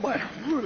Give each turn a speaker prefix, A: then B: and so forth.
A: Bueno.